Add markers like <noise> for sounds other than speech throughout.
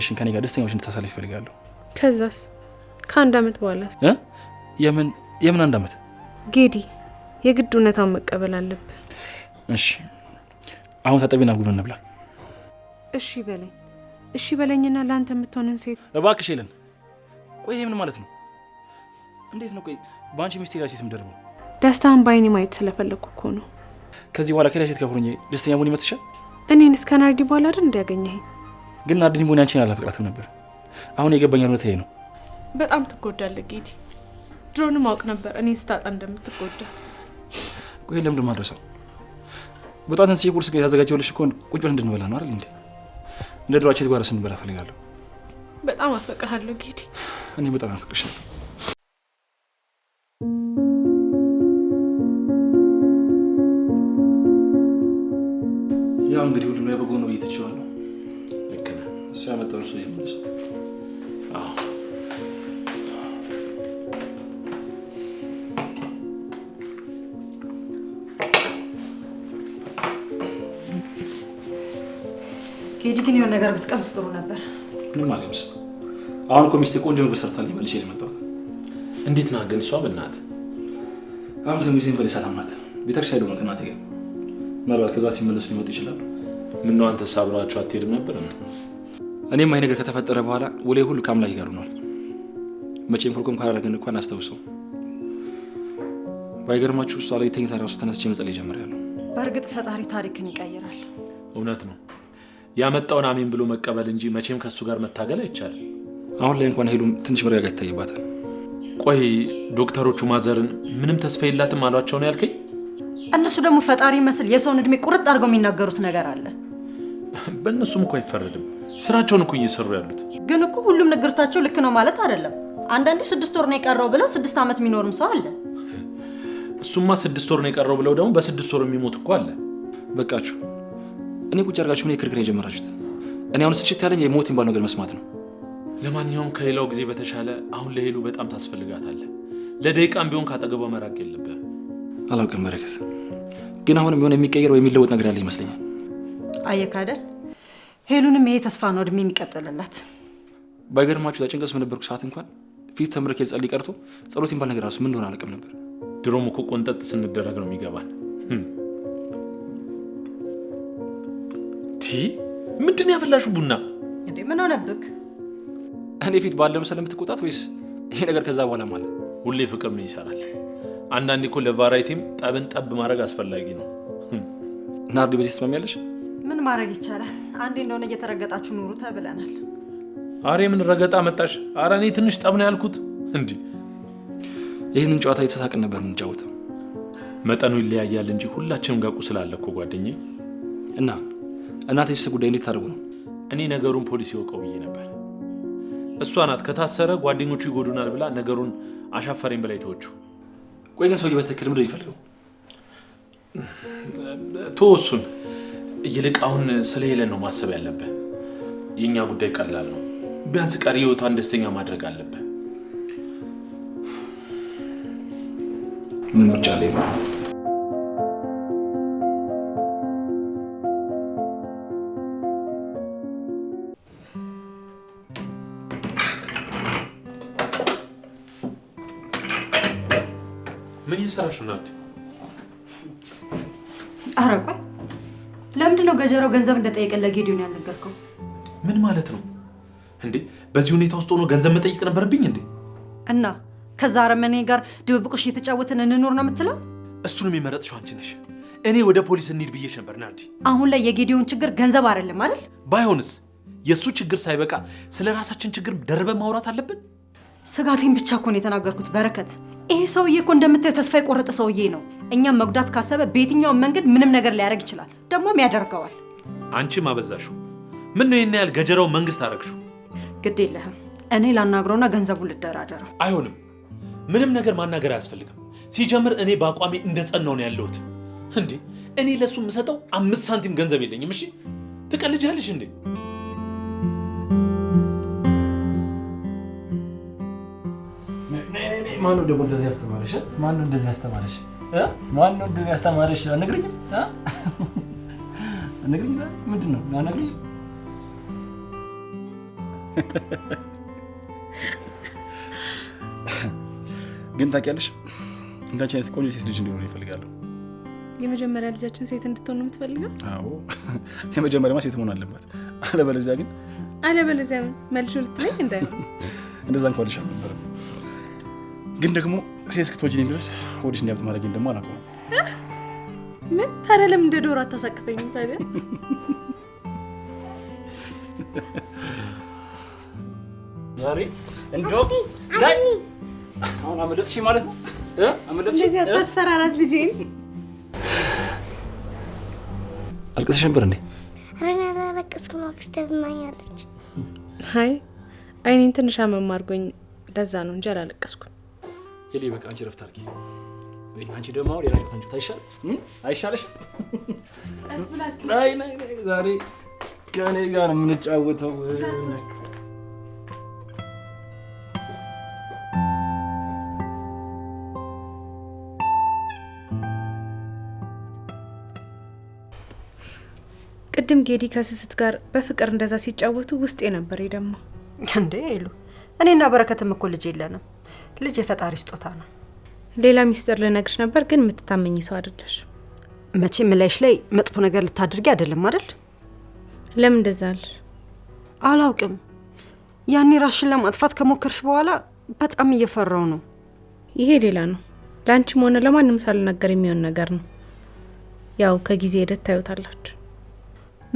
ዘመንሽን ከኔ ጋር ደስተኛ ሆነሽ እንድታሳልፍ ይፈልጋለሁ። ከዛስ ከአንድ አመት በኋላ የምን የምን አንድ አመት ጌዲ፣ የግድ እውነታውን መቀበል አለብ። እሺ አሁን ታጠቢና ቡና እንብላ። እሺ በለኝ፣ እሺ በለኝና ለአንተ የምትሆንን ሴት እባክሽ የለን። ቆይ ይሄ ምን ማለት ነው? እንዴት ነው? ቆይ በአንቺ ሚስቴ ሴት ምደርበው? ደስታን በአይኔ ማየት ስለፈለግኩ እኮ ነው። ከዚህ በኋላ ከሌላ ሴት ጋር ሆኜ ደስተኛ መሆን ይመትሻል? እኔን እስከ ናርዲ በኋላ አይደል እንዲያገኘኝ ግን ናርዲን ሆን አንቺን አላፈቅራትም ነበር። አሁን የገባኛል እውነት ነው። በጣም ትጎዳለ ጌዲ። ድሮን አውቅ ነበር እኔ ስታጣ እንደምትጎዳ። ቆይ ለምድ ማድረሰው በጣት እንስዬ ቁርስ ያዘጋጀሁልሽ እኮ ቁጭ ብለን እንድንበላ ነው አይደል እንዴ? እንደ ድሮአችን ጋር ስንበላ እፈልጋለሁ። በጣም አፈቅርሃለሁ ጌዲ። እኔ በጣም አፈቅርሻለሁ። ያው እንግዲህ ሁሉ ነው በጎ ነው ብዬ ትችዋለሁ። እሱ ያመጣውን እሱ ይመልሰው። ኬዲ ግን የሆነ ነገር ብትቀምስ ጥሩ ነበር። ምንም አልቀምስም። አሁን እኮ ሚስቴ ቆንጆ ምግብ ሰርታልኝ መልሼ የመጣሁት። እንዴት ናት ግን እሷ? በእናትህ አሁን ከሚዜም በላይ ሰላም ናት። ቤተክርስቲያን ሄዶ መቀናት ገ ምናልባት ከዛ ሲመለሱ ሊመጡ ይችላሉ ምነው አንተ አብረዋቸው አትሄድም ነበር? እኔም አይ ነገር ከተፈጠረ በኋላ ውሌ ሁሉ ከአምላክ ጋር ሆኗል። መቼም ሁልኩም ካላረግን እንኳን አስታውሰው። ባይገርማችሁ እሷ ላይ ተኝታ ራሱ ተነስቼ መጸለይ ጀምሬያለሁ። በእርግጥ ፈጣሪ ታሪክን ይቀይራል። እውነት ነው። ያመጣውን አሜን ብሎ መቀበል እንጂ መቼም ከእሱ ጋር መታገል አይቻልም። አሁን ላይ እንኳን ሄሉም ትንሽ መረጋጋት ይታይባታል። ቆይ ዶክተሮቹ ማዘርን ምንም ተስፋ የላትም አሏቸው ነው ያልከኝ? እነሱ ደግሞ ፈጣሪ መስል የሰውን እድሜ ቁርጥ አድርገው የሚናገሩት ነገር አለ። በእነሱም እኮ አይፈረድም። ስራቸውን እኮ እየሰሩ ያሉት። ግን እኮ ሁሉም ንግርታቸው ልክ ነው ማለት አይደለም። አንዳንዴ ስድስት ወር ነው የቀረው ብለው ስድስት ዓመት የሚኖርም ሰው አለ። እሱማ ስድስት ወር ነው የቀረው ብለው ደግሞ በስድስት ወር የሚሞት እኮ አለ። በቃችሁ። እኔ ቁጭ አድርጋችሁ ምን ክርክር የጀመራችሁት? እኔ አሁን ስልችት ያለኝ የሞት የሚባል ነገር መስማት ነው። ለማንኛውም ከሌላው ጊዜ በተሻለ አሁን ለሄሉ በጣም ታስፈልጋታለህ። ለደቂቃም ቢሆን ካጠገቧ መራቅ የለብህም። አላውቅም በረከት፣ ግን አሁንም ቢሆን የሚቀየር ወይ የሚለወጥ ነገር ያለ ይመስለኛል። አየህ ሄሉንም ይሄ ተስፋ ነው እድሜ የሚቀጥልላት። ባይገርማችሁ ተጨንቀስ በነበርኩ ሰዓት እንኳን ፊት ተምረክ የጸል ቀርቶ ጸሎት የሚባል ነገር ራሱ ምን እንደሆነ አላውቅም ነበር። ድሮም እኮ ቆንጠጥ ስንደረግ ነው የሚገባል። ቲ ምንድን ያፈላሹ ቡና እንዴ? ምን ሆነብክ? እኔ ፊት ባለ መሰለ የምትቆጣት ወይስ ይሄ ነገር ከዛ በኋላ ማለት ሁሌ ፍቅር ምን ይሰራል? አንዳንድ እኮ ለቫራይቲም ጠብን ጠብ ማድረግ አስፈላጊ ነው። ናርዲ፣ በዚህ ትስማሚያለሽ? ምን ማድረግ ይቻላል? አንዴ እንደሆነ እየተረገጣችሁ ኑሩ ተብለናል። አሬ ምን ረገጣ መጣሽ? አረ እኔ ትንሽ ጠብ ነው ያልኩት እንጂ ይህንን ጨዋታ የተሳቅን ነበር የምንጫወተው። መጠኑ ይለያያል እንጂ ሁላችንም ጋቁ ስላለ አለ እኮ ጓደኛዬ። እና እናቴስ ጉዳይ እንዴት ታደርጉ ነው? እኔ ነገሩን ፖሊስ ይወቀው ብዬ ነበር። እሷ ናት ከታሰረ ጓደኞቹ ይጎዱናል ብላ ነገሩን አሻፈረኝ ብላ የተወችው። ቆይ ግን ሰውዬው በትክክል ምንድን ነው እሱን ይልቅ አሁን ስለ ሄለን ነው ማሰብ ያለብህ። የእኛ ጉዳይ ቀላል ነው። ቢያንስ ቀሪ ህይወቷን ደስተኛ ማድረግ አለብህ። ምኖች አለ ምን እየሰራሽ ነው? ገጀራው ገንዘብ እንደጠየቀ ለጌዲዮን ያልነገርከው ምን ማለት ነው እንዴ? በዚህ ሁኔታ ውስጥ ሆኖ ገንዘብ መጠየቅ ነበረብኝ እንዴ? እና ከዛ አረመኔ ጋር ድብብቆሽ እየተጫወትን እንኖር ነው የምትለው? እሱንም የመረጥሽው አንቺ ነሽ። እኔ ወደ ፖሊስ እንሂድ ብዬሽ ነበር ናርዲ። አሁን ላይ የጌዲዮን ችግር ገንዘብ አይደለም አይደል? ባይሆንስ የእሱ ችግር ሳይበቃ ስለ ራሳችን ችግር ደርበን ማውራት አለብን። ስጋቴን ብቻ እኮ ነው የተናገርኩት በረከት ይሄ ሰውዬ እኮ እንደምታየው ተስፋ የቆረጠ ሰውዬ ነው። እኛም መጉዳት ካሰበ በየትኛውም መንገድ ምንም ነገር ሊያደርግ ይችላል። ደግሞም ያደርገዋል። አንቺም አበዛሹ። ምን ነው ይህን ያህል ገጀራው መንግስት አረግሹ? ግድ የለህም። እኔ ላናግረውና ገንዘቡ ልደራደረው። አይሆንም። ምንም ነገር ማናገር አያስፈልግም። ሲጀምር እኔ በአቋሚ እንደጸናው ነው ያለሁት። እንዴ እኔ ለሱ የምሰጠው አምስት ሳንቲም ገንዘብ የለኝም። እሺ ትቀልጃለሽ እንዴ? ማን ነው ደግሞ እንደዚህ ያስተማረሽ? ማነው እንደዚህ ያስተማረሽ? ነው እንደዚህ ያስተማረሽ? አትነግሪኝም? አትነግሪኝም? ምንድን ነው አትነግሪኝም? ግን ታውቂያለሽ እንዳንቺ አይነት ቆንጆ ሴት ልጅ እንዲሆን ይፈልጋለሁ። የመጀመሪያ ልጃችን ሴት እንድትሆን ነው የምትፈልገው? አዎ የመጀመሪያማ ሴት መሆን አለባት። አለበለዚያ ግን አለበለዚያ መልሾ ልትለኝ እንደ እንደዛ እንኳን ልሻለሁ ግን ደግሞ ሴት እስክትወጂኝ ድረስ ወዲሽ እንዲያብጥ ማድረጌን ደግሞ አላውቀውም። ምን ታዲያ ለምን እንደ ዶሮ አታሳቅፈኝም ታዲያ? አሁን ማለት ነው። አልቅሰሽ ነበር እንዴ? ኧረ እኔ አላለቀስኩም። አይ አይኔን ትንሽ አመም አድርጎኝ ለዛ ነው እንጂ አላለቀስኩም። ሄሊ በቃ አንቺ ረፍት አድርጊ። አንቺ ደግሞ ሌላ ጨዋታ አይሻል? አይሻልሽ? ናይ <laughs> ናይ ዛሬ ከእኔ ጋር ነው የምንጫወተው። ቅድም ጌዲ ከስስት ጋር በፍቅር እንደዛ ሲጫወቱ ውስጤ ነበር ደግሞ እንዴ ሉ እኔና በረከትም እኮ ልጅ የለንም ልጅ የፈጣሪ ስጦታ ነው። ሌላ ሚስጥር ልነግርሽ ነበር፣ ግን የምትታመኝ ሰው አይደለሽ። መቼም ላይሽ ላይ መጥፎ ነገር ልታደርጊ አይደለም አይደል? ለምን እንደዛ አላውቅም። ያኔ ራስሽን ለማጥፋት ከሞከርሽ በኋላ በጣም እየፈራው ነው። ይሄ ሌላ ነው። ለአንቺም ሆነ ለማንም ሳልናገር የሚሆን ነገር ነው። ያው ከጊዜ ሂደት ታዩታላችሁ።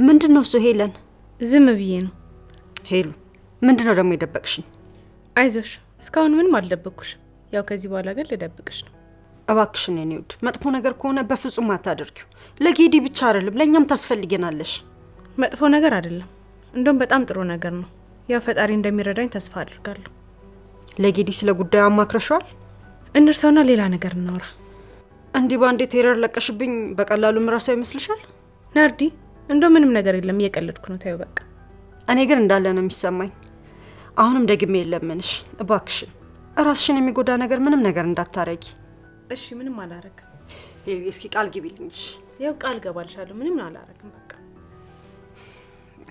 ምንድን ነው እሱ? ሄለን፣ ዝም ብዬ ነው። ሄሉ፣ ምንድን ነው ደግሞ የደበቅሽኝ? አይዞሽ እስካሁን ምንም አልደበቅኩሽ። ያው ከዚህ በኋላ ግን ልደብቅሽ ነው። እባክሽን የኔ ውድ፣ መጥፎ ነገር ከሆነ በፍጹም አታደርጊው። ለጌዲ ብቻ አይደለም ለእኛም ታስፈልገናለሽ። መጥፎ ነገር አይደለም፣ እንደውም በጣም ጥሩ ነገር ነው። ያው ፈጣሪ እንደሚረዳኝ ተስፋ አድርጋለሁ። ለጌዲ ስለ ጉዳዩ አማክረሸዋል? እንርሰውና ሌላ ነገር እናውራ። እንዲህ በአንዴ ቴረር ለቀሽብኝ በቀላሉ ምራሷ ይመስልሻል? ናርዲ፣ እንደው ምንም ነገር የለም እየቀለድኩ ነው። ታዩ በቃ። እኔ ግን እንዳለ ነው የሚሰማኝ አሁንም ደግሜ የለምንሽ እባክሽን፣ ራስሽን የሚጎዳ ነገር ምንም ነገር እንዳታረጊ እሺ? ምንም አላረግም። ይኸውልሽ እስኪ ቃል ግቢልኝሽ። ያው ቃል ገባልሻለሁ፣ ምንም አላረግም። በቃ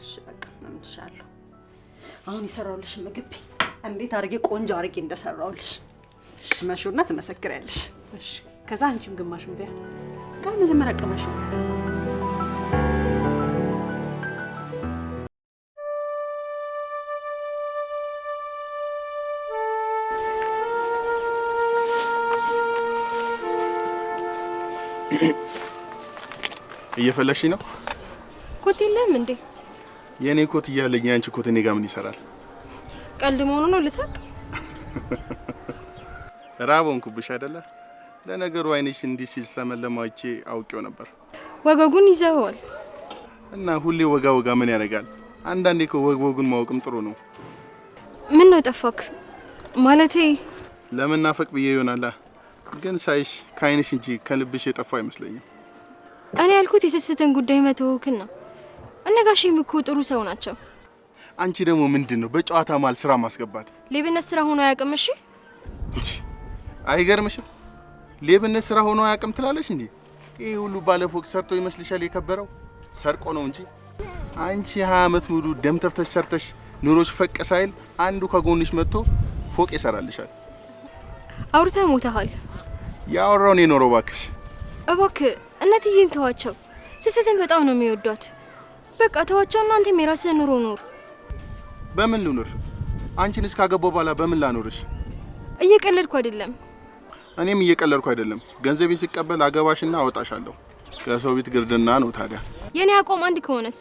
እሺ፣ በቃ እምልሻለሁ። አሁን የሰራሁልሽ ምግብ እንዴት አድርጌ ቆንጆ አድርጌ እንደሰራሁልሽ ቅመሹና ትመሰክሪያለሽ። እሺ፣ ከዛ አንቺም ግማሹን ቢያ ቃል መጀመሪያ ቅመሹ እየፈለግሽኝ ነው? ኮት የለም እንዴ? የእኔ ኮት እያለኝ የአንቺ ኮት እኔ ጋር ምን ይሰራል? ቀልድ መሆኑ ነው። ልሳቅ? <laughs> ራቦን ኩብሽ አይደለ? ለነገሩ አይንሽ እንዲህ ሲል ስለመለማቼ አውቄው ነበር። ወገጉን ይዘዋል እና ሁሌ ወጋ ወጋ ምን ያደርጋል? አንዳንዴ እኮ ወግ ወጉን ማወቅም ጥሩ ነው። ምን ነው ጠፋክ? ማለቴ ለምን ብዬ ይሆናላ። ግን ሳይሽ ከአይንሽ እንጂ ከልብሽ የጠፋ አይመስለኝም። እኔ ያልኩት የስስትን ጉዳይ መተውክን ነው። እነ ጋሼም እኮ ጥሩ ሰው ናቸው። አንቺ ደግሞ ምንድን ነው በጨዋታ መሀል ስራ ማስገባት? ሌብነት ስራ ሆኖ አያውቅም። እሺ አይገርምሽም? ሌብነት ስራ ሆኖ አያውቅም ትላለች እንዴ? ይህ ሁሉ ባለፎቅ ሰርቶ ይመስልሻል? የከበረው ሰርቆ ነው እንጂ አንቺ ሀያ አመት ሙሉ ደም ተፍተሽ ሰርተሽ ኑሮች ፈቅ ሳይል አንዱ ከጎንሽ መጥቶ ፎቅ ይሰራልሻል። አውርተ ሞተሃል። ያወራውን የኖረው እባክሽ እባክህ እናትዬን ተዋቸው። ስስትን በጣም ነው የሚወዷት። በቃ ተዋቸው። እናንተም የራስህ ኑሮ ኑር። በምን ልኑር? አንቺን እስካገባሁ በኋላ በምን ላኖርሽ? እየቀለድኩ አይደለም። እኔም እየቀለድኩ አይደለም። ገንዘብ ስቀበል አገባሽና አወጣሻለሁ። ከሰው ቤት ግርድና ነው ታዲያ። የኔ አቋም አንድ ከሆነስ?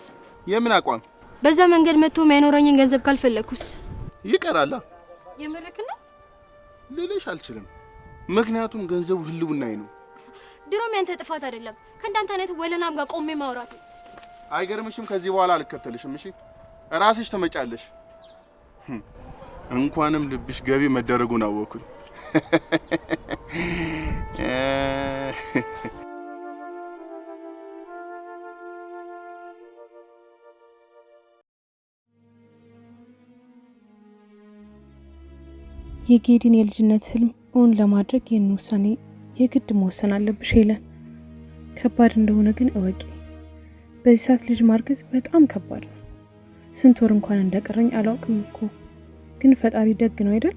የምን አቋም? በዛ መንገድ መጥቶ የሚያኖረኝን ገንዘብ ካልፈለኩስ? ይቀራላ። የምርክ ልልሽ አልችልም። ምክንያቱም ገንዘቡ ህልውናዬ ነው። ድሮም ያንተ ጥፋት አይደለም። ከእንዳንተ አይነት ወለናም ጋር ቆሜ ማውራት አይገርምሽም? ከዚህ በኋላ አልከተልሽም። እሺ ራስሽ ትመጫለሽ። hm፣ እንኳንም ልብሽ ገቢ መደረጉን አወኩኝ። የጌዲን የልጅነት ህልም እውን ለማድረግ ይህን ውሳኔ የግድ መወሰን አለብሽ ሄለን። ከባድ እንደሆነ ግን እወቂ። በዚህ ሰዓት ልጅ ማርገዝ በጣም ከባድ ነው። ስንት ወር እንኳን እንደቀረኝ አላውቅም እኮ ግን ፈጣሪ ደግ ነው አይደል?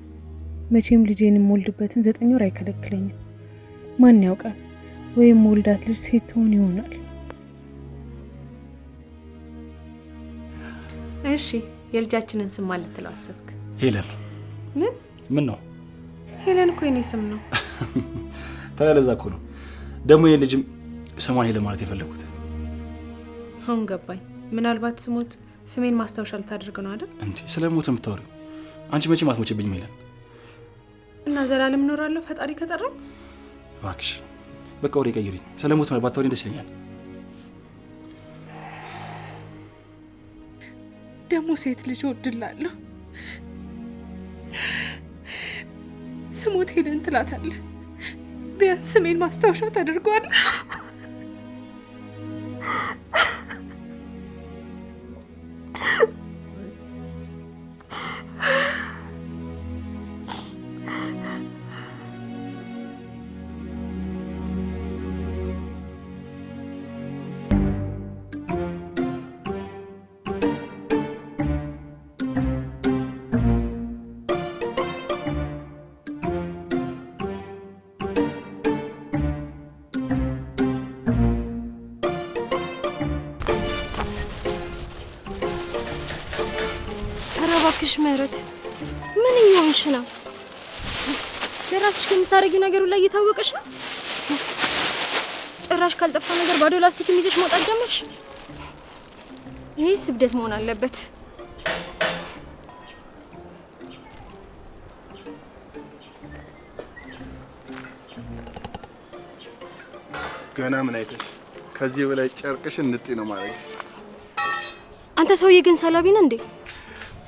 መቼም ልጄን የምወልድበትን ዘጠኝ ወር አይከለክለኝም። ማን ያውቃል ወይም ወልዳት ልጅ ሴት ትሆን ይሆናል። እሺ የልጃችንን ስም ማለት ትለው አሰብክ? ሄለን ምን ምን ነው ሄለን እኮ የኔ ስም ነው። <laughs> ታዲያ ለዛ እኮ ነው ደግሞ ይህ ልጅም ስሟን ለማለት የፈለጉት። አሁን ገባኝ። ምናልባት ስሞት ስሜን ማስታወሻ ልታደርግ ነው አይደል? እንዲ ስለ ሞት የምታወሪው አንቺ መቼ ማትሞችብኝ ሄለን። እና ዘላለም እኖራለሁ ፈጣሪ ከጠራው። እባክሽ በቃ ወሬ ቀይሪኝ። ስለ ሞት ባታወሪኝ ደስ ይለኛል። ደግሞ ሴት ልጅ ወድላለሁ ስሞት ሄለን ትላታለህ ቢያንስ ስሜን ማስታወሻ ተደርጓል እባክሽ ምህረት፣ ምን እየሆንሽ ነው? ለራስሽ ከምታደርጊው ነገር ላይ እየታወቀሽ ነው። ጭራሽ ካልጠፋ ነገር ባዶ ላስቲክ ይዘሽ መውጣት ጀመርሽ። ይህ ስብደት መሆን አለበት። ገና ምን አይተሽ? ከዚህ በላይ ጨርቅሽ ንጤ ነው ማለት። አንተ ሰውዬ ግን ሰላቢ ነህ እንዴ?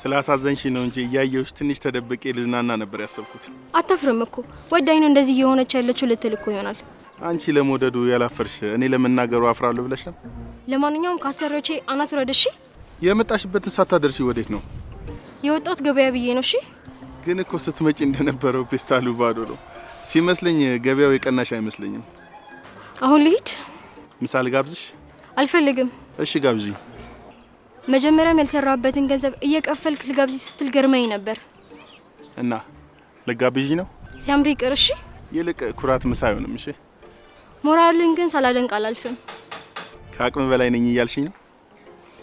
ስላሳዘንሽ ነው እንጂ እያየውሽ ትንሽ ተደብቄ ልዝናና ነበር ያሰብኩት። አታፍርም እኮ ወዳኝ ነው እንደዚህ እየሆነች ያለችው ልትል እኮ ይሆናል። አንቺ ለመውደዱ ያላፈርሽ እኔ ለመናገሩ አፍራለሁ ብለሽ ነው። ለማንኛውም ካሰሪዎቼ አናት ውረድሽ። የመጣሽበትን ሳታደርሺ ወዴት ነው የወጣሁት? ገበያ ብዬ ነው። እሺ ግን እኮ ስትመጪ እንደነበረው ፔስታሉ ባዶ ነው ሲመስለኝ፣ ገበያው የቀናሽ አይመስለኝም። አሁን ልሂድ። ምሳሌ ጋብዝሽ? አልፈልግም። እሺ ጋብዝኝ። መጀመሪያም ያልሰራበትን ገንዘብ እየቀፈልክ ልጋብዥ ስትል ገርመኝ ነበር። እና ልጋብዥ ነው ሲያምር ይቅር። እሺ፣ ይልቅ ኩራት ምሳ አይሆንም። እሺ፣ ሞራልን ግን ሳላደንቅ አላልፍም። ከአቅም በላይ ነኝ እያልሽኝ ነው?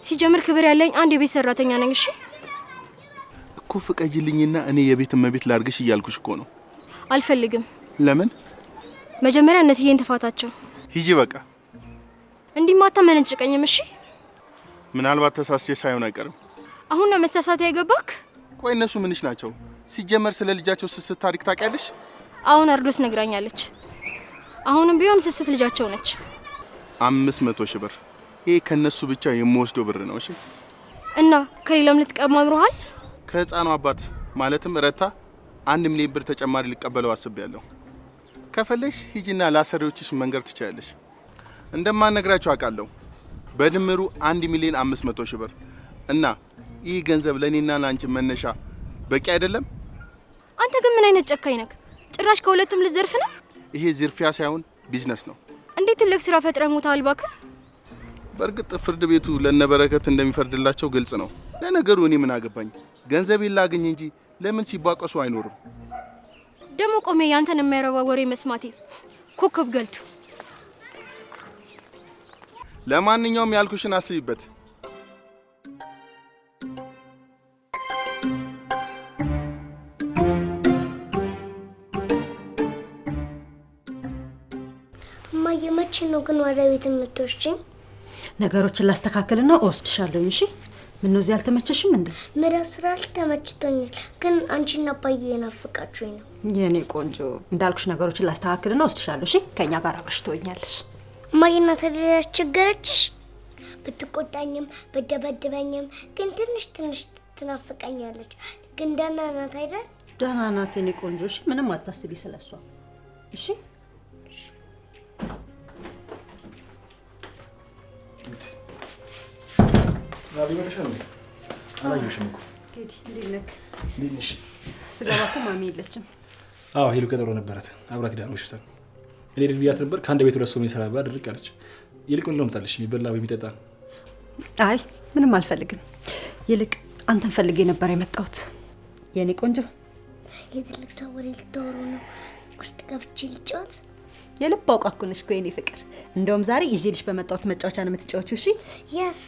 ሲጀምር ክብር ያለኝ አንድ የቤት ሰራተኛ ነኝ። እሺ እኮ ፍቀጅልኝና እኔ የቤት እመቤት ላርግሽ እያልኩሽ እኮ ነው። አልፈልግም። ለምን? መጀመሪያ እነትዬን ተፋታቸው። ሂጂ በቃ። እንዲህ ማታ መነጭቀኝም። እሺ ምናልባት ተሳስቼ ሳይሆን አይቀርም። አሁን ነው መሳሳት ያገባክ? ቆይ እነሱ ምንሽ ናቸው? ሲጀመር ስለ ልጃቸው ስስት ታሪክ ታውቂያለሽ? አሁን አርዶስ ነግራኛለች። አሁንም ቢሆን ስስት ልጃቸው ነች። አምስት መቶ ሺህ ብር ይሄ ከነሱ ብቻ የምወስደው ብር ነው። እሺ። እና ከሌላም ልትቀማ አምሮሃል? ከህፃኑ አባት ማለትም ረታ አንድ ሚሊዮን ብር ተጨማሪ ልቀበለው አስቤያለሁ። ከፈለሽ ሂጂና ለአሰሪዎችሽ መንገር ትችያለሽ። እንደማነግራቸው አውቃለሁ። በድምሩ አንድ ሚሊዮን 500 መቶ ሺህ ብር እና ይህ ገንዘብ ለእኔና ለአንቺ መነሻ በቂ አይደለም። አንተ ግን ምን አይነት ጨካኝ ነክ? ጭራሽ ከሁለቱም ልዘርፍ ነው። ይሄ ዝርፊያ ሳይሆን ቢዝነስ ነው። እንዴት ትልቅ ስራ ፈጥረህ ሞታል አልባክ በእርግጥ ፍርድ ቤቱ ለነበረከት እንደሚፈርድላቸው ግልጽ ነው። ለነገሩ እኔ ምን አገባኝ? ገንዘብ ላገኝ እንጂ ለምን ሲቧቀሱ አይኖርም። ደግሞ ቆሜ ያንተን የማይረባ ወሬ መስማቴ ኮከብ ገልቱ ለማንኛውም ያልኩሽን አስይበት። እማዬ መቼ ነው ግን ወደ ቤት የምትወስጂኝ? ነገሮችን ላስተካክልና እወስድሻለሁ። እሺ ምነው እዚህ አልተመቸሽም እንዴ? ምረት ስራ አልተመችቶኛል፣ ግን አንቺና አባዬ የናፍቃችሁኝ ነው። የኔ ቆንጆ እንዳልኩሽ ነገሮችን ላስተካክልና እወስድሻለሁ። እሺ ከእኛ ጋር አብረሽ ትሆኛለሽ። እማዬና ተደራሽ ቸገረችሽ? ብትቆጣኝም ብደበድበኝም ግን ትንሽ ትንሽ ትናፍቀኛለች። ግን ደህና ናት አይደል? ደህና ናት የኔ ቆንጆ። እሺ ምንም አታስቢ ስለሷ እሺ። ስገባ እኮ ማሚ የለችም። አዎ ሄሉ ቀጠሮ ነበራት አብራት ሄዳ ነው ሆስፒታል እኔ ድል ብያት ነበር ከአንድ ቤት ሁለት ሰው የሚሰራ ብላ ድርቅ አለች። ይልቅ ምን ላምጣልሽ? የሚበላ የሚጠጣ? አይ ምንም አልፈልግም። ይልቅ አንተን ፈልጌ ነበር የመጣሁት የእኔ ቆንጆ። የትልቅ ሰው ወሬ ልታወሩ ነው? ውስጥ ገብቼ ልጫወት? የልብ አውቃኩነሽ እኮ ፍቅር። እንደውም ዛሬ ይዤልሽ በመጣሁት መጫወቻ ነው የምትጫወቺው። እሺ የስ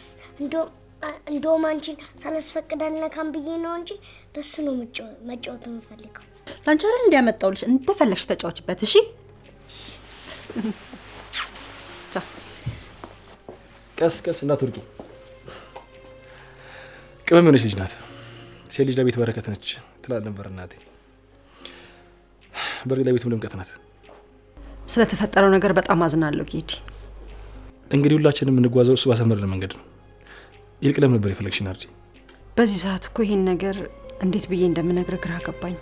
እንደውም አንቺን ሳላስፈቅድ አልነካም ብዬ ነው እንጂ በሱ ነው መጫወት የምፈልገው። ላንቺ አይደል እንዲያመጣውልሽ፣ እንደፈለግሽ ተጫወችበት። እሺ <laughs> 자 ቀስ ቀስ እንዳትወድቂ። ቅመም የሆነች ልጅ ናት። ሴት ልጅ ለቤት በረከት ነች ትላል ነበር እናቴ። በእርግጥ ለቤትም ድምቀት ናት። ስለተፈጠረው ነገር በጣም አዝናለሁ ጌዲ። እንግዲህ ሁላችንም የምንጓዘው እሱ ባሰመረ መንገድ ነው። ይልቅ ለምን ነበር የፈለግሽን አርዲ? በዚህ ሰዓት እኮ ይሄን ነገር እንዴት ብዬ እንደምነግር ግራ ገባኝ።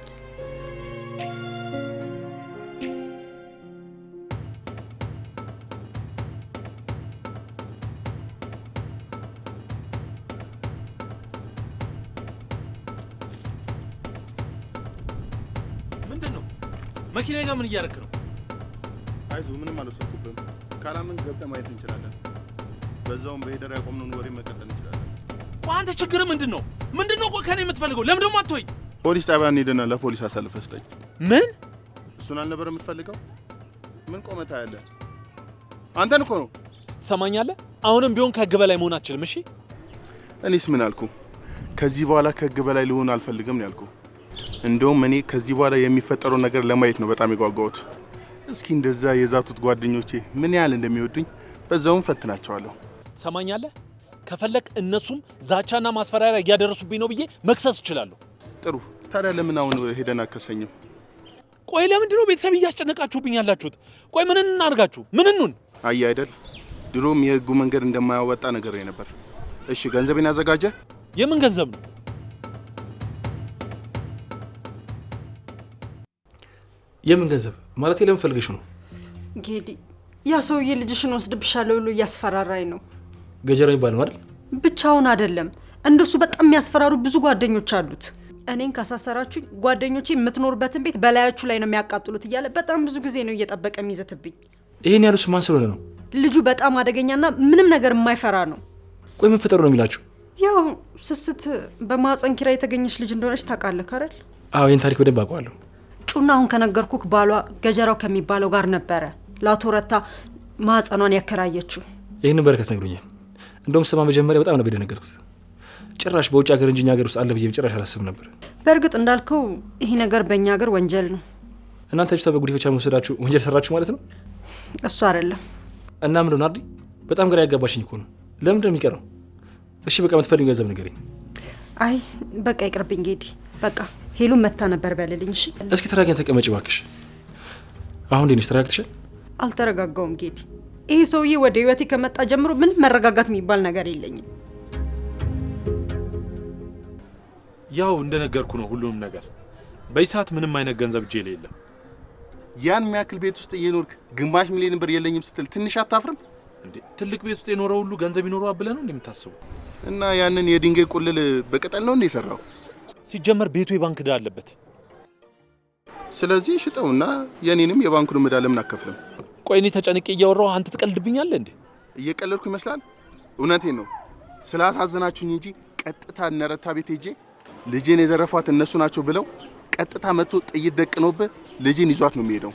መኪና ጋር ምን እያደረክ ነው? አይዞህ ምንም አልወሰድኩብህም። ካላምን ገብተህ ማየት እንችላለን። በዛውም በሄደር ያቆምነውን ወሬ መቀጠል እንችላለን። አንተ ችግር ምንድን ነው? ምንድን ነው ከእኔ የምትፈልገው? ለምን ደግሞ አትወይ? ፖሊስ ጣቢያ እንሂድና ለፖሊስ አሳልፈህ ስጠኝ። ምን? እሱን አልነበረ የምትፈልገው? ምን ቆመታ ያለ አንተን እኮ ነው። ትሰማኛለህ? አሁንም ቢሆን ከህግ በላይ መሆን አችልም። እሺ። እኔስ ምን አልኩ? ከዚህ በኋላ ከህግ በላይ ልሆን አልፈልግም ነው ያልኩ። እንደውም እኔ ከዚህ በኋላ የሚፈጠረው ነገር ለማየት ነው በጣም የጓጓሁት። እስኪ እንደዛ የዛቱት ጓደኞቼ ምን ያህል እንደሚወዱኝ በዛውም ፈትናቸዋለሁ። ትሰማኛለህ? ከፈለግ እነሱም ዛቻና ማስፈራሪያ እያደረሱብኝ ነው ብዬ መክሰስ እችላለሁ። ጥሩ። ታዲያ ለምን አሁን ሄደን አከሰኝም? ቆይ ለምንድን ነው ቤተሰብ እያስጨነቃችሁብኝ ያላችሁት? ቆይ ምን እናርጋችሁ? ምን እንሁን? አይ አይደል፣ ድሮም የህጉ መንገድ እንደማያወጣ ነገር ነበር። እሺ ገንዘቤን አዘጋጀ። የምን ገንዘብ ነው? የምን ገንዘብ ማለት ለምን ፈልገሽ ነው? ጌዲ፣ ያ ሰውዬ ልጅሽን ወስድብሻለሁ ብሎ እያስፈራራኝ ነው። ገጀራ የሚባለው አይደል? ብቻውን አይደለም። እንደሱ በጣም የሚያስፈራሩ ብዙ ጓደኞች አሉት። እኔን ካሳሰራችሁ ጓደኞቼ የምትኖርበትን ቤት በላያችሁ ላይ ነው የሚያቃጥሉት እያለ በጣም ብዙ ጊዜ ነው እየጠበቀ የሚይዘትብኝ። ይህን ያሉት ማን ስለሆነ ነው? ልጁ በጣም አደገኛና ምንም ነገር የማይፈራ ነው። ቆይ ምን ነው የሚላችሁ? ያው ስስት በማህፀን ኪራይ የተገኘች ልጅ እንደሆነች ታውቃለህ አይደል? አዎ ይህን ታሪክ በደንብ አውቀዋለሁ። እጩና አሁን ከነገርኩክ ባሏ ገጀራው ከሚባለው ጋር ነበረ ለአቶ ረታ ማህፀኗን ያከራየችው። ይህን በረከት ነግሩኛል። እንደውም ስማ መጀመሪያ በጣም ነበር የደነገጥኩት። ጭራሽ በውጭ ሀገር እንጂ እኛ ሀገር ውስጥ አለ ብዬ ጭራሽ አላስብም ነበር። በእርግጥ እንዳልከው ይሄ ነገር በእኛ ሀገር ወንጀል ነው። እናንተ ጅታ በጉዲፈቻ መውሰዳችሁ ወንጀል ሰራችሁ ማለት ነው? እሱ አይደለም እና ምንድን አርዲ፣ በጣም ግራ ያጋባሽኝ እኮ ነው። ለምንድን ነው የሚቀረው? እሺ በቃ የምትፈልጊው ገንዘብ ንገረኝ። አይ በቃ ይቅርብኝ ጌዲ። በቃ ሄሉ መታ ነበር በልልኝ። እሺ እስኪ ተረጋጊ፣ ተቀመጭ ባክሽ። አሁን ዴኒስ ተረጋግተሻል? አልተረጋጋውም ጌዲ። ይህ ሰውዬ ወደ ህይወቴ ከመጣ ጀምሮ ምንም መረጋጋት የሚባል ነገር የለኝም። ያው እንደነገርኩ ነው ሁሉንም ነገር። በዚህ ሰዓት ምንም አይነት ገንዘብ እጄ ላይ የለም። ያን የሚያክል ቤት ውስጥ እየኖርክ ግማሽ ሚሊዮን ብር የለኝም ስትል ትንሽ አታፍርም እንዴ? ትልቅ ቤት ውስጥ የኖረ ሁሉ ገንዘብ ይኖረዋል ብለህ ነው እንደምታስበው? እና ያንን የድንጋይ ቁልል በቅጠል ነው እንደ የሰራው። ሲጀመር ቤቱ የባንክ ዳ አለበት። ስለዚህ ሽጠውና የኔንም የባንኩን ዕዳ ለምን አከፍልም? ቆይ እኔ ተጨንቄ እያወራሁ አንተ ትቀልድብኛለህ እንዴ? እየቀለድኩ ይመስላል። እውነቴን ነው። ስላሳዘናችሁኝ እንጂ ቀጥታ እነረታ ቤት ሄጄ ልጄን የዘረፏት እነሱ ናቸው ብለው ቀጥታ መጥቶ ጥይት ደቅኖብህ ልጄን ይዟት ነው የሚሄደው።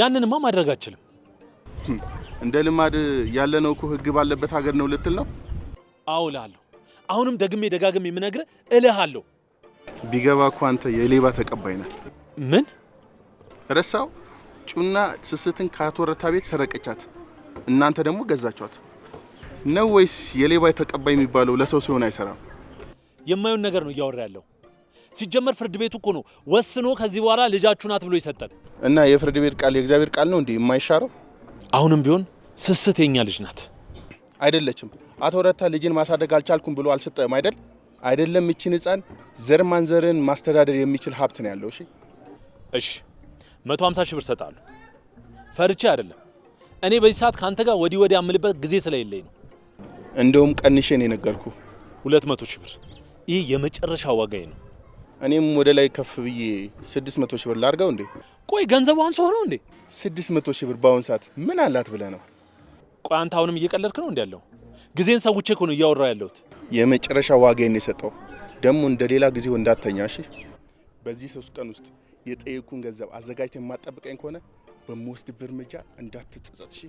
ያንንማ ማድረግ አችልም። እንደ ልማድ ያለነው እኮ ህግ ባለበት ሀገር ነው ልትል ነው አዎ እልሃለሁ። አሁንም ደግሜ ደጋግሜ የምነግርህ እልሃለሁ። ቢገባ እኮ አንተ የሌባ ተቀባይ ነህ። ምን ረሳው? ጩና ስስትን ከአቶ ረታ ቤት ሰረቀቻት፣ እናንተ ደግሞ ገዛችኋት ነው ወይስ የሌባ ተቀባይ የሚባለው ለሰው ሲሆን አይሰራም? የማየውን ነገር ነው እያወራ ያለው። ሲጀመር ፍርድ ቤቱ እኮ ነው ወስኖ ከዚህ በኋላ ልጃችሁ ናት ብሎ ይሰጠን እና የፍርድ ቤት ቃል የእግዚአብሔር ቃል ነው እንዴ የማይሻረው? አሁንም ቢሆን ስስት የኛ ልጅ ናት። አይደለችም አቶ ረታ ልጅን ማሳደግ አልቻልኩም ብሎ አልሰጠም አይደል? አይደለም እቺን ህፃን ዘር ማንዘርን ማስተዳደር የሚችል ሀብት ነው ያለው። እሺ እሺ፣ 150 ሺህ ብር ሰጣሉ። ፈርቼ አይደለም እኔ በዚህ ሰዓት ካንተ ጋር ወዲህ ወዲህ አምልበት ጊዜ ስለሌለኝ ነው። እንደውም ቀንሼ ነው የነገርኩ። 200 ሺህ ብር ይህ የመጨረሻ ዋጋዬ ነው። እኔም ወደ ላይ ከፍ ብዬ 600 ሺህ ብር ላርገው እንዴ? ቆይ ገንዘቡ አንሶ ነው እንዴ? 600 ሺህ ብር በአሁን ሰዓት ምን አላት ብለህ ነው? ቆይ አንተ አሁንም እየቀለድክ ነው እንዴ ያለው ጊዜን ሰውቼ እኮ ነው እያወራ ያለሁት። የመጨረሻ ዋጋዬን የሰጠው ደግሞ እንደ ሌላ ጊዜው እንዳተኛ። እሺ፣ በዚህ ሶስት ቀን ውስጥ የጠየቁን ገንዘብ አዘጋጅተ የማጠብቀኝ ከሆነ በምወስድብህ እርምጃ እንዳትጸጸት። እሺ።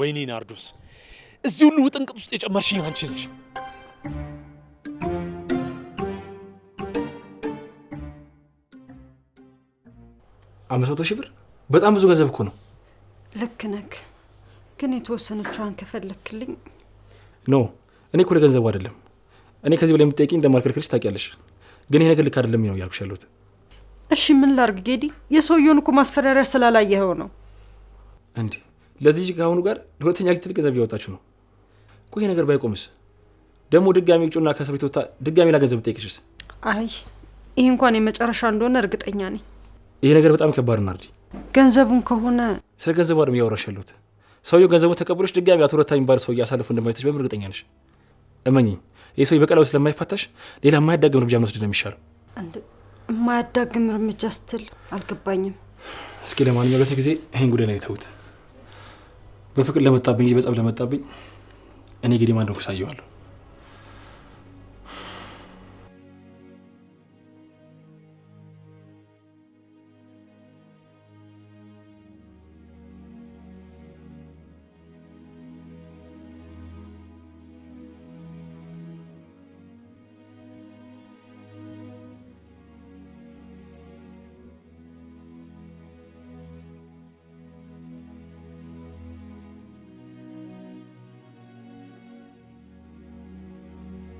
ወይኔ ናርዶስ፣ እዚህ ሁሉ ውጥንቅጥ ውስጥ የጨመርሽኝ አንቺ ነሽ። አምስት መቶ ሺህ ብር በጣም ብዙ ገንዘብ እኮ ነው። ልክ ነክ ግን የተወሰነችዋን ከፈለክልኝ ኖ እኔ እኮ ገንዘቡ አይደለም። እኔ ከዚህ በላይ የምትጠይቂኝ እንደማልከልክልሽ ታውቂያለሽ፣ ግን ይሄ ነገር ልክ አይደለም ነው እያልኩሽ ያሉት እሺ ምን ላርግ ጌዲ? የሰውየውን እኮ ማስፈራሪያ ስላላየኸው ነው። እንዲ ለዚህ ከአሁኑ ጋር ለሁለተኛ ጊዜ ትልቅ ገንዘብ እያወጣችሁ ነው። ቆይ ይሄ ነገር ባይቆምስ? ደግሞ ድጋሚ ውጭና ከእስር ቤት ወጥታ ድጋሚ ላ ገንዘብ ብጠይቅሽስ? አይ ይህ እንኳን የመጨረሻ እንደሆነ እርግጠኛ ነኝ። ይሄ ነገር በጣም ከባድ ናርዲ ገንዘቡን ከሆነ ስለ ገንዘቡ አድም እያወራሽ ያለሁት ሰውየው ገንዘቡ ተቀብሎች ድጋሚ አቶ ረታ የሚባል ሰው እያሳልፉ እንደማይተች በምን እርግጠኛ ነሽ? እመኝ ይህ ሰው በቀላሉ ስለማይፈታሽ ሌላ የማያዳግም እርምጃ መውሰድ ነው የሚሻለው። የማያዳግም እርምጃ ስትል አልገባኝም። እስኪ ለማንኛውም በት ጊዜ ይህን ጉዳይ ነው የተዉት። በፍቅር ለመጣብኝ በጸብ ለመጣብኝ እኔ ጌዴማ ማንደንኩ ሳየዋለሁ።